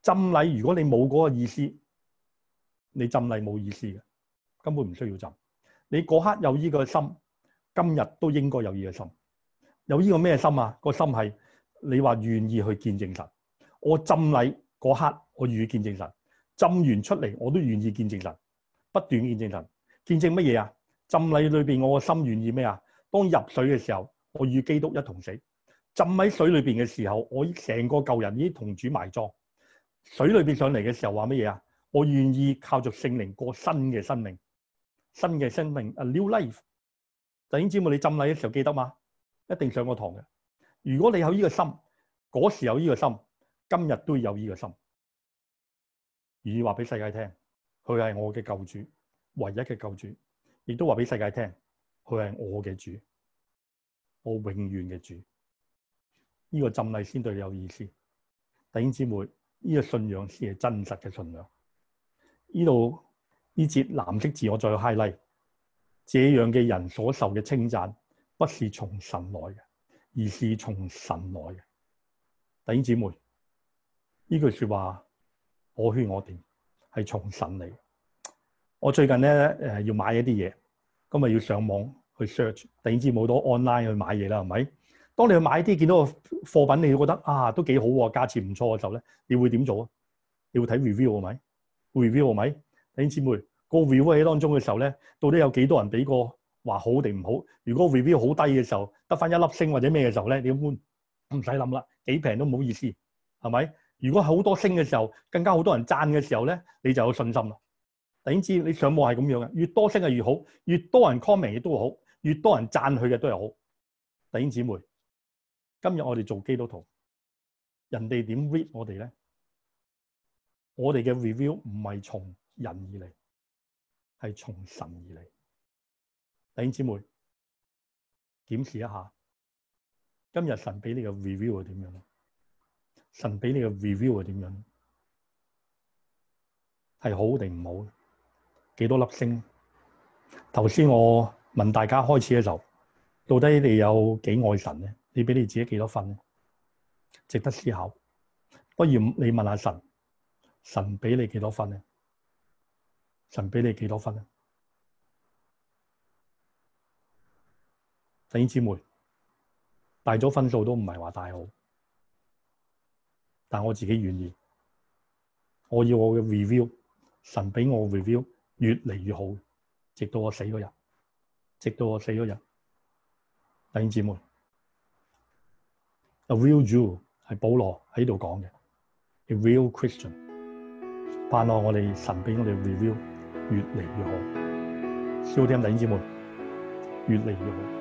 浸禮如果你冇嗰個意思，你浸禮冇意思嘅，根本唔需要浸。你嗰刻有呢個心，今日都應該有呢個心。有呢個咩心啊？個心係你話願意去見證神。我浸禮嗰刻，我願意見證神。浸完出嚟，我都願意見證神，不斷見證神。見證乜嘢啊？浸禮裏邊我個心願意咩啊？當入水嘅時候，我與基督一同死。浸喺水裏邊嘅時候，我成個舊人已經同主埋葬。水裏邊上嚟嘅時候話乜嘢啊？我願意靠着聖靈過新嘅生命，新嘅生命，A new life。弟兄姊妹，你浸禮嘅時候記得嗎？一定上過堂嘅。如果你有呢個心，嗰時有呢個心，今日都有呢個心，願意話俾世界聽，佢係我嘅救主，唯一嘅救主，亦都話俾世界聽，佢係我嘅主，我永遠嘅主。呢個浸禮先對你有意思，弟兄姊妹。呢個信仰先係真實嘅信仰。呢度呢節藍色字，我再去 highlight。這樣嘅人所受嘅稱讚，不是從神來嘅，而是從神來嘅。弟兄姊妹，呢句說話，我勸我哋係從神嚟。我最近呢，呃、要買一啲嘢，今日要上網去 search。弟兄姊妹都喺 online 去買嘢啦，係咪？當你去買啲見到個貨品，你會覺得啊都幾好，價錢唔錯嘅時候咧，你會點做啊？你會睇 review 係咪？review 係咪？弟兄姊妹，個 review 喺當中嘅時候咧，到底有幾多人俾個話好定唔好？如果 review 好低嘅時候，得翻一粒星或者咩嘅時候咧，你一般唔使諗啦，幾平都唔好意思，係咪？如果好多星嘅時候，更加好多人贊嘅時候咧，你就有信心啦。弟知，你上網係咁樣嘅，越多星嘅越好，越多人 comment 亦都好，越多人贊佢嘅都係好。弟兄姊妹。今日我哋做基督徒，人哋點 read 我哋呢？我哋嘅 review 唔係從人而嚟，係從神而嚟。弟兄姊妹，檢視一下，今日神俾你嘅 review 係點樣？神俾你嘅 review 係點樣？係好定唔好？幾多粒星？頭先我問大家開始嘅時候，到底你有幾愛神呢？你俾你自己幾多分呢？值得思考。不如你問下神，神俾你幾多分呢？神俾你幾多分呢？弟兄姊妹，大咗分數都唔係話大好，但我自己願意，我要我嘅 review，神俾我嘅 review 越嚟越好，直到我死嗰日，直到我死嗰日，弟兄姊妹。A real Jew 係保羅喺度講嘅，A real Christian，盼望我哋神俾我哋 review 越嚟越好，小聽弟兄姊妹，越嚟越好。